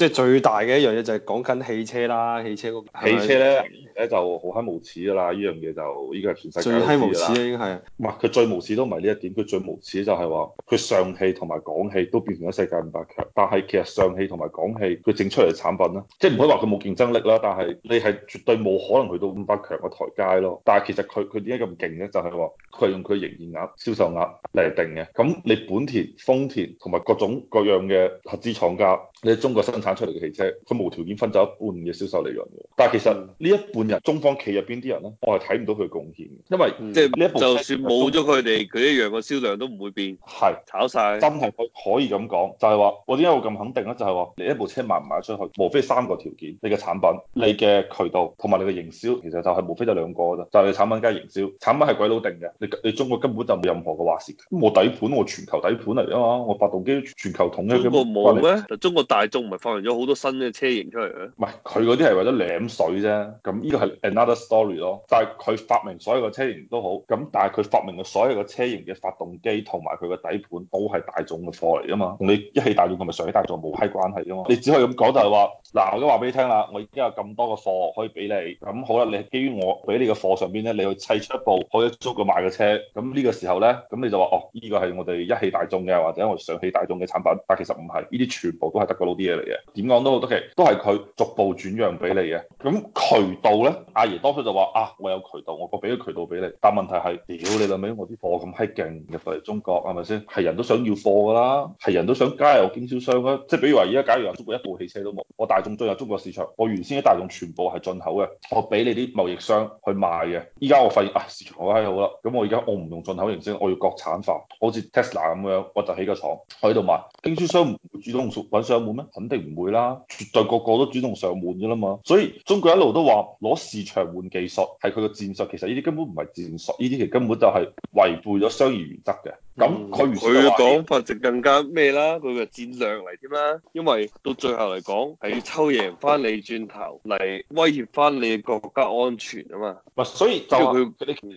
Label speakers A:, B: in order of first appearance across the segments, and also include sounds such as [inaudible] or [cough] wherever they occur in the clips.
A: 即係最大嘅一樣嘢就係講緊汽車啦，汽車嗰、那個、汽車咧咧的就好閪無恥噶啦，呢樣嘢就依個係全世界最閪無恥啦，已經係唔係佢最無恥都唔係呢一點，佢最無恥就係話佢上汽同埋廣汽都變成咗世界五百強，但係其實上汽同埋廣汽佢整出嚟嘅產品咧，即係唔可以話佢冇競爭力啦，但係你係絕對冇可能去到五百強嘅台階咯。但係其實佢佢點解咁勁咧？就係話佢係用佢營業額銷售額嚟定嘅，咁你本田、豐田同埋各種各樣嘅合資廠家。你中國生產出嚟嘅汽車，佢無條件分走一半嘅銷售利潤嘅。但係其實呢一半人、嗯、中方企入邊啲人咧，我係睇唔到佢貢獻因為、嗯、即係是呢一部車就算冇咗
B: 佢哋，佢們一樣嘅銷量都唔會
A: 變。係是炒晒完。真係可以咁講，就係、是、話我點解我咁肯定咧？就係、是、話你一部車賣唔賣出去，無非三個條件：你嘅產品、嗯、你嘅渠道同埋你嘅營銷。其實就係無非就兩個啫，就係、是、你產品加營銷。產品係鬼佬定嘅，你你中國根本就冇任何嘅話事。我底盤，我全球底盤嚟㗎嘛，我發動機全球統一嘅。
B: 中國大眾唔係發明咗
A: 好多新嘅車型出嚟嘅，唔係佢嗰啲係為咗舐水啫，咁呢個係 another story 咯。但係佢發明所有嘅車型都好，咁但係佢發明嘅所有嘅車型嘅發動機同埋佢嘅底盤都係大眾嘅貨嚟㗎嘛。你一汽大眾同埋上汽大眾冇閪關係啊嘛。你只可以咁講就係話，嗱的，我都話俾你聽啦，我已經有咁多嘅貨可以俾你，咁好啦，你基於我俾你嘅貨上邊咧，你去砌出一部可以租佢賣嘅車，咁呢個時候咧，咁你就話哦，呢個係我哋一汽大眾嘅或者我哋上汽大眾嘅產品，但其實唔係，呢啲全部都係得。個老啲嘢嚟嘅，點講都好得嘅，都係佢逐步轉讓俾你嘅。咁渠道呢，阿爺多數就話啊，我有渠道，我個俾個渠道俾你。但問題係，屌你老味，我啲貨咁閪勁入到嚟中國，係咪先？係人都想要貨㗎啦，係人都想加入我經銷商啦。即係比如話，而家假如話中國一部汽車都冇，我大眾進入中國市場，我原先啲大眾全部係進口嘅，我俾你啲貿易商去賣嘅。依家我發現啊，市場好閪好啦，咁我而家我唔用進口形式，我要國產化，好似 Tesla 咁樣，我就起個廠喺度賣。經銷商唔會主動揾商。咁肯定唔會啦，絕對個個都主動上門嘅啦嘛。所以中國一路都話，攞市場換技術，係佢嘅戰術。其實呢啲根本唔係戰術，呢啲其實根本就係違背咗商業原則嘅。咁佢佢嘅講
B: 法就更加咩啦？佢嘅戰略嚟添啦，因為到最後嚟講係要抽贏翻你轉頭嚟威脅翻你嘅國家安全啊嘛。
A: 所以就佢，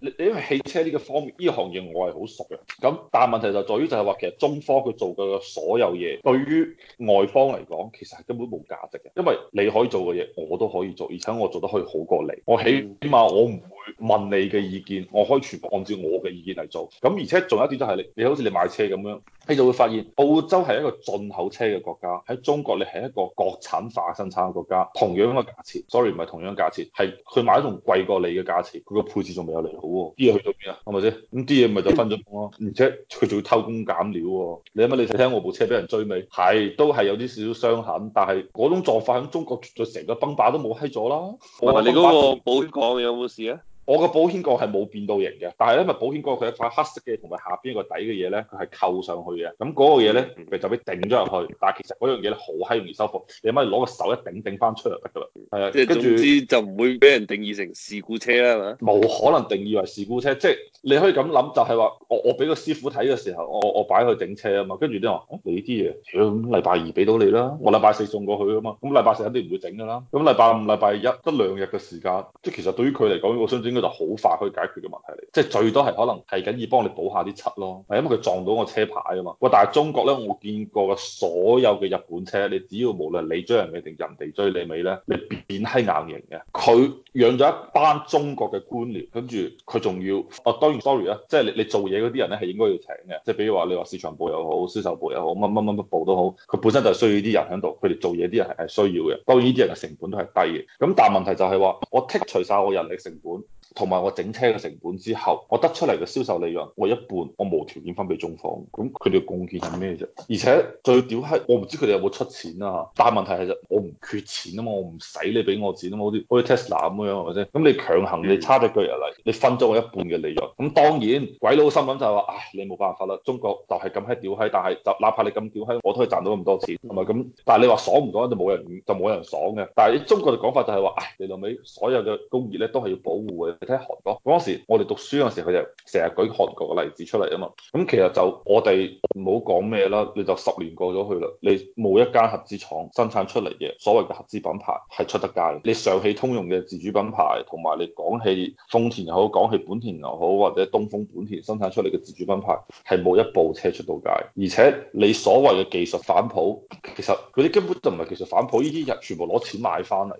A: 你因為汽車呢個方面呢、呢個、行業我係好熟嘅。咁但係問題就係、在於就係話其實中方佢做嘅所有嘢，對於外方嚟講其實係根本冇價值嘅，因為你可以做嘅嘢我都可以做，而且我做得可以好過你。我起起碼我唔。嗯問你嘅意見，我可以全部按照我嘅意見嚟做。咁而且仲有一啲都係你，你好似你買車咁樣，你就會發現澳洲係一個進口車嘅國家，喺中國你係一個國產化生產嘅國家，同樣嘅價錢，sorry 唔係同樣價錢，係佢賣得仲貴過你嘅價錢，佢個配置仲未有你好喎。啲嘢去到邊啊？係咪先？咁啲嘢咪就分咗工咯。而且佢仲要偷工減料喎、啊。你乜？你睇睇我部車俾人追尾，係都係有啲少少傷痕，但係嗰種做法喺中國就成個崩把都冇閪咗啦。同埋你嗰個保險講有冇事啊？我個保險槓係冇變到型嘅，但係因為保險槓佢一塊黑色嘅同埋下邊一個底嘅嘢咧，佢係扣上去嘅。咁、那、嗰個嘢咧，就俾頂咗入去，但係其實嗰樣嘢咧好閪容易修復，你乜攞個手一頂頂翻出嚟得噶啦。係啊，即係著總之
B: 就唔會俾人定義成事故車啦，
A: 嘛？冇可能定義為事故車，即係你可以咁諗，就係、是、話我我俾個師傅睇嘅時候，我我擺佢整車啊嘛，跟住你人話、啊：，你啲嘢，屌，禮拜二俾到你啦，我禮拜四送過去啊嘛，咁禮拜四肯定唔會整噶啦，咁禮拜五、禮拜一得兩日嘅時間，即係其實對於佢嚟講，我想佢就好快可以解決嘅問題嚟，即係最多係可能係緊要幫你補下啲漆咯，係因為佢撞到我車牌啊嘛。哇！但係中國咧，我見過嘅所有嘅日本車，你只要無論你追人尾定人哋追你尾咧，你變係硬型嘅。佢養咗一班中國嘅官僚，跟住佢仲要、啊，哦當然 sorry 啦，即係你你做嘢嗰啲人咧係應該要請嘅，即係比如話你話市場部又好，銷售部又好，乜乜乜乜部都好，佢本身就係需要啲人喺度，佢哋做嘢啲人係需要嘅。當然呢啲人嘅成本都係低嘅，咁但係問題就係話我剔除晒我人力成本。同埋我整車嘅成本之後，我得出嚟嘅銷售利潤，我一半我無條件分俾中方。咁佢哋嘅貢獻係咩啫？而且最屌閪我唔知佢哋有冇出錢啊！但係問題係實，我唔缺錢啊嘛，我唔使你俾我錢啊嘛，好似好似 Tesla 咁嘅樣係咪先？咁你強行你差咗腳入嚟，你分咗我一半嘅利潤。咁當然鬼佬心諗就係話：唉、哎，你冇辦法啦，中國就係咁閪屌閪。但係就哪怕你咁屌閪，我都可以賺到咁多錢係咪？咁。但係你話爽唔爽就冇人就冇人爽嘅。但係中國嘅講法就係話：唉、哎，你老尾所有嘅工業咧都係要保護嘅。睇韓國嗰陣時，我哋讀書嗰陣時，佢就成日舉韓國嘅例子出嚟啊嘛。咁其實就我哋唔好講咩啦，你就十年過咗去啦。你冇一間合資廠生產出嚟嘅所謂嘅合資品牌係出得街。你上汽通用嘅自主品牌同埋你廣汽豐田又好，廣汽本田又好，或者東風本田生產出嚟嘅自主品牌係冇一部車出到街。而且你所謂嘅技術反哺，其實佢哋根本就唔係技術反哺，呢啲人全部攞錢買返嚟。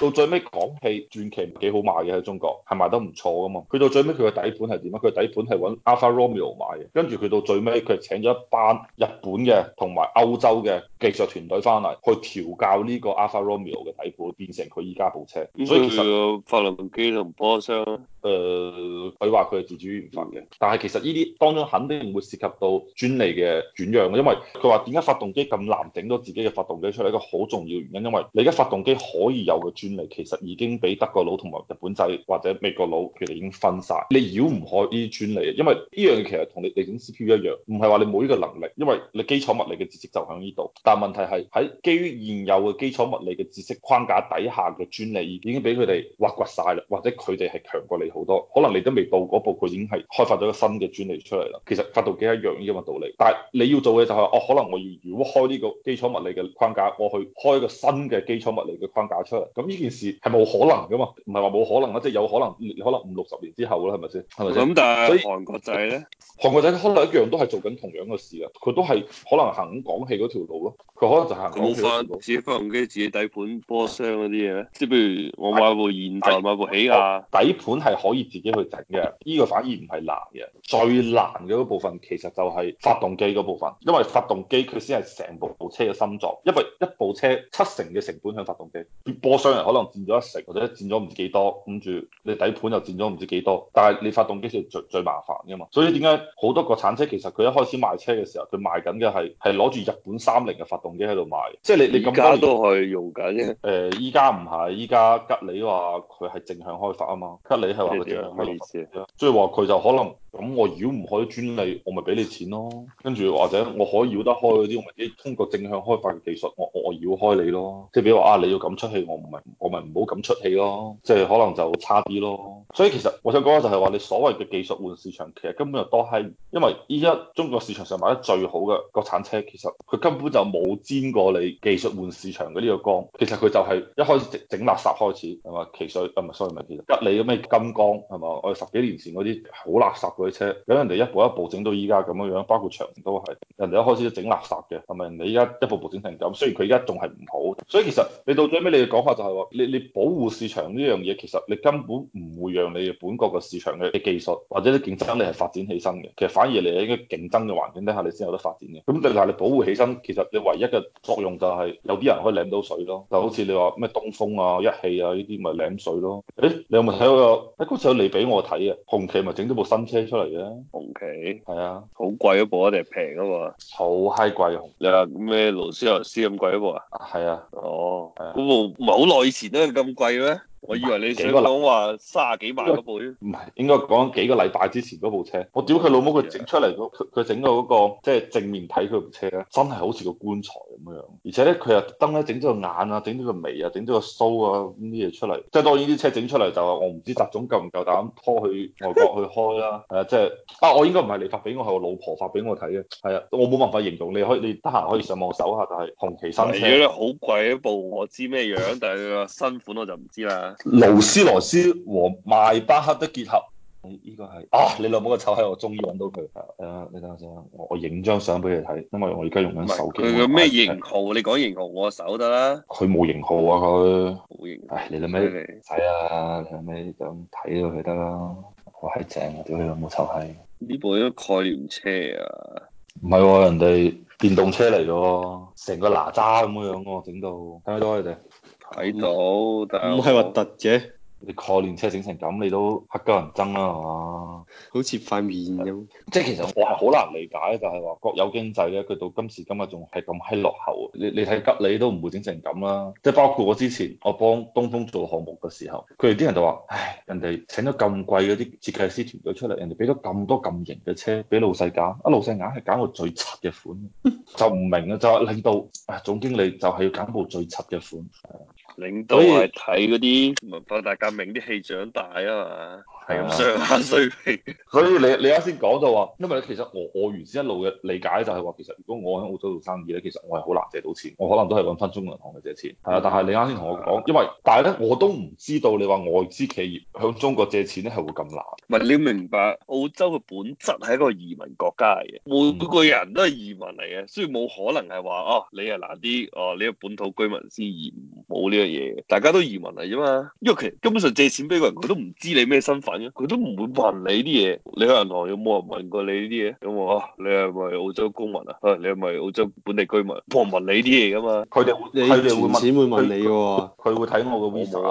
A: 到最尾，廣汽傳祺幾好賣嘅喺中國，係賣得唔錯㗎嘛。佢到最尾佢嘅底盤係點啊？佢底盤係揾 Alfa Romeo 買嘅，跟住佢到最尾佢係請咗一班日本嘅同埋歐洲嘅技術團隊翻嚟，去調教呢個 Alfa Romeo 嘅底盤，變成佢依家部車。所以其實佢個發動機同波箱。誒佢話佢係自主研發嘅，但係其實呢啲當中肯定會涉及到專利嘅轉讓嘅，因為佢話點解發動機咁難整到自己嘅發動機出嚟？一個好重要原因，因為你而家發動機可以有嘅專利，其實已經俾德國佬同埋日本仔或者美國佬佢哋已經分晒。你繞唔開呢啲專利，因為呢樣嘢其實同你哋整 CPU 一樣，唔係話你冇呢個能力，因為你基礎物理嘅知識就喺呢度，但係問題係喺基於現有嘅基礎物理嘅知識框架底下嘅專利已經俾佢哋挖掘晒啦，或者佢哋係強過你。好多可能你都未到嗰步，佢已經係開發咗一個新嘅專利出嚟啦。其實發動機一樣嘅道理，但係你要做嘅就係、是、哦，可能我要如果開呢個基礎物理嘅框架，我去開一個新嘅基礎物理嘅框架出嚟。咁呢件事係冇可能噶嘛？唔係話冇可能啦，即、就、係、是、有可能可能五六十年之後啦，係咪先？係咪先？咁但係韓國仔咧，韓國仔可能一樣都係做緊同樣嘅事啦。佢都係可能行港廣汽嗰條路咯。佢可能就係冇翻自己發動機、自己底盤、波箱嗰啲嘢咩？即係譬如我買部現代，底買部起亞，底盤係可以自己去整嘅。呢、呢個反而唔係難嘅，最難嘅部分其實就係發動機嗰部分，因為發動機佢先係成部部車嘅心臟。因為一部車七成嘅成本喺發動機，波箱人可能佔咗一成，或者佔咗唔幾多，跟住你底盤又佔咗唔知幾多。但係你發動機先最最麻煩㗎嘛。所以點解好多國產車其實佢一開始賣車嘅時候，佢賣緊嘅係係攞住日本三菱嘅發動。同機喺度賣，即係你你而家都可以用緊。誒，依家唔係，依家吉利話佢係正向開發啊嘛，吉利係話佢正向開發，所以話佢就可能。咁我繞唔開專利，我咪俾你錢咯。跟住或者我可以繞得開嗰啲，我咪通過正向開發嘅技術，我我繞開你咯。即係比如話啊，你要咁出氣，我唔係我咪唔好咁出氣咯。即係可能就差啲咯。所以其實我想講就係話，你所謂嘅技術換市場，其實根本就多閪。因為依家中國市場上買得最好嘅國產車，其實佢根本就冇沾過你技術換市場嘅呢個光。其實佢就係一開始整，整垃圾開始，係嘛奇瑞，啊唔係 sorry 咪奇瑞吉利嘅咩金剛，係嘛我哋十幾年前嗰啲好垃圾。嗰啲車，咁人哋一步一步整到依家咁樣樣，包括牆都係，人哋一開始都整垃圾嘅，係咪？你依家一步步整成咁，雖然佢而家仲係唔好，所以其實你到最尾你嘅講法就係話，你你保護市場呢樣嘢，其實你根本唔會讓你本國嘅市場嘅技術或者啲競爭力係發展起身嘅，其實反而你係應該競爭嘅環境底下你先有得發展嘅。咁但係你保護起身，其實你唯一嘅作用就係有啲人可以舐到水咯。就好似你話咩東風啊、一汽啊呢啲，咪舐水咯。誒，你有冇睇過嗰個？誒嗰次你俾我睇嘅、啊，紅旗咪整咗部新車。出嚟嘅紅旗係啊，好貴一部啊定係平啊嘛，好嗨貴啊！你話咩勞斯萊斯咁貴一部啊？係啊，啊啊啊哦，係嗰、啊、
B: 部唔係好耐以前都係咁貴咩？我以為你成個諗話三十幾萬嗰
A: 部咧，唔係，應該講幾個禮拜之前嗰部車，我屌佢老母，佢整出嚟，佢整到嗰個即係、就是、正面睇佢部車咧，真係好似個棺材咁樣樣。而且咧佢又燈咧整咗個眼個個啊，整咗個眉啊，整咗個鬚啊咁啲嘢出嚟。即係當然啲車整出嚟就話我唔知雜種夠唔夠膽拖去外國去開啦、啊。誒， [laughs] 即、就、係、是、啊，我應該唔係你發俾我，係我老婆發俾我睇嘅。係啊，我冇辦法形容，你可以你得閒可以上網搜下，但係紅旗新車。好貴一部，
B: 我知咩樣，但係個新款我就唔知啦。 [laughs]
A: 勞斯萊斯和邁巴
B: 赫的結合，呢個係啊，你老母個臭閪，我終於揾到佢。誒，你等下先，我
A: 我影張相俾你睇，因為我而家用緊手機。佢有咩型
B: 號？你講型號，我搜得啦。佢冇
A: 型號啊，佢冇型。唉，你老味，係啊，你老味咁睇到佢得啦。我係正啊，屌你老母臭閪！呢部係個概念車啊，唔係，人哋電動車嚟嘅，成個哪吒咁樣樣，整到睇唔到你哋。睇到，唔係核突嘅，有你概念車整成咁，你都黑鳩人憎啦，係、啊、嘛？好似塊面咁，即係其實我係好難理解，就係話國有經濟咧，佢到今時今日仲係咁閪落後。你你睇吉利都唔會整成咁啦，即係包括我之前我幫東風做項目嘅時候，佢哋啲人就話：，唉，人哋請咗咁貴嗰啲設計師團隊出嚟，人哋俾咗咁多咁型嘅車俾老細揀，啊，老細硬係揀部最柒嘅款，就唔明啊，就係令到啊總經理就係要揀部最柒嘅款。領導係睇嗰啲
B: 文化大革命啲戲長大啊嘛～係咁上
A: 下水平。 [laughs] 所以你你啱先講就話，因為咧，其實我我原先一路嘅理解就係話，其實如果我喺澳洲做生意咧，其實我係好難借到錢，我可能都係揾翻中銀行去借錢。係啊，但係你啱先同我講，的因為但係咧，我都唔知道你話外資企業向中國借錢咧係會咁難。
B: 唔係你明白澳洲嘅本質係一個移民國家嚟嘅，每個人都係移民嚟嘅，所以冇可能係話哦，你係難啲，哦，你係、哦、本土居民先移冇呢樣嘢，大家都移民嚟啫嘛。因為其實根本上借錢俾個人，佢都唔知你咩身份。佢都唔會問你啲嘢，你喺銀行有冇人問過你呢啲嘢？咁啊，你係咪澳洲公民啊？你係咪澳洲本地居民？冇人問你啲嘢噶嘛？佢哋會，佢哋會問錢會
A: 問你，佢會睇我嘅 Visa。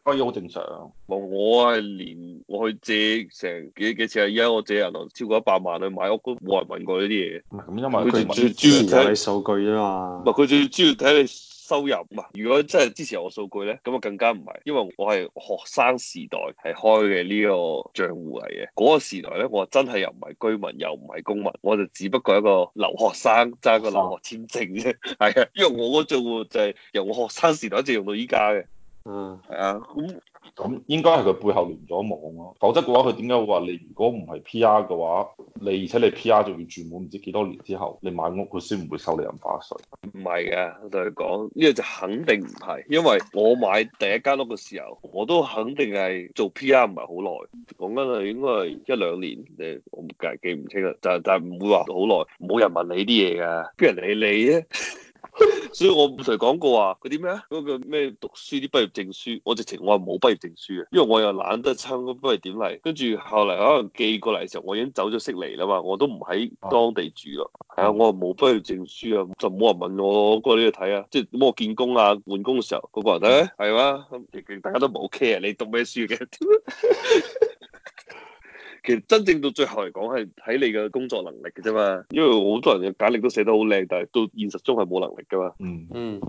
A: 當然好正常。
B: 我我係連我去借成幾幾次啊，依家我借銀行超過一百萬去買屋都冇人問過呢啲嘢。咁，因為佢最主要睇數據吖嘛。唔係佢最主要睇你。收入唔啊？如果真係支持我數據呢，咁啊更加唔係，因為我係學生時代係開嘅呢個賬戶嚟嘅。嗰個時代呢，我真係又唔係居民，又唔係公民，我就只不過一個留學生揸個留學簽證啫。係啊，因為我嗰個賬戶就係由我學
A: 生時代一直用到依家嘅。嗯，係啊、嗯，咁咁應該係佢背後連咗網咯，否則嘅話佢點解會話你如果唔係 P R 嘅話，你而且你 P R 仲要住滿唔知幾多年之後，你買屋佢先唔會收你印花稅？唔係嘅，就同你講呢個就肯
B: 定唔係，因為我買第一間屋嘅時候，我都肯定係做 P R 唔係好耐，講緊係應該係一兩年，誒我唔計記唔清啦，就就唔會話好耐，冇人問你啲嘢噶邊人理，理你啫？ [laughs] [laughs] 所以我唔同佢講過話嗰啲咩，嗰、嗰個咩讀書啲畢業證書，我直情我係冇畢業證書啊，因為我又懶得參加畢業典禮，跟住後嚟可能寄過嚟嘅時候，我已經走咗悉尼啦嘛，我都唔喺當地住咯。係啊，我係冇畢業證書啊，就冇人問我，我過呢度睇啊，即係咁我見工啊換工嘅時候嗰個人咧係嘛，亦、啊、大家都冇 care 你讀咩書嘅。 [laughs] 其實真正到最後嚟講，係睇你嘅工作能力嘅啫嘛。因為好多人嘅簡歷都寫得好靚，但係到現實中係冇能力噶嘛。嗯嗯，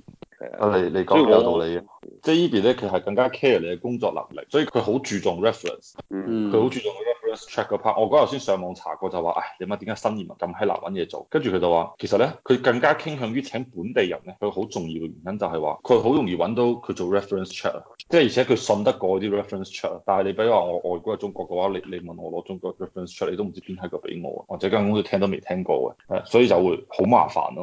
B: 啊，你你講有道理。
A: 即係呢邊咧，佢係更加 care 你嘅工作能力，所以佢好注重 reference。嗯，佢好注重。check part，我頭先上網查過就話，唉，你問點解新移民咁喺難揾嘢做，跟住佢就話，其實咧佢更加傾向於請本地人咧，佢好重要嘅原因就係話，佢好容易揾到佢做 reference check 啊，即係而且佢信得過啲 reference check，但係你比如話我外國或中國嘅話，你你問我攞中國 reference check，你都唔知邊閪個俾我啊，或者間公司聽都未聽過嘅，誒，所以就會好麻煩咯。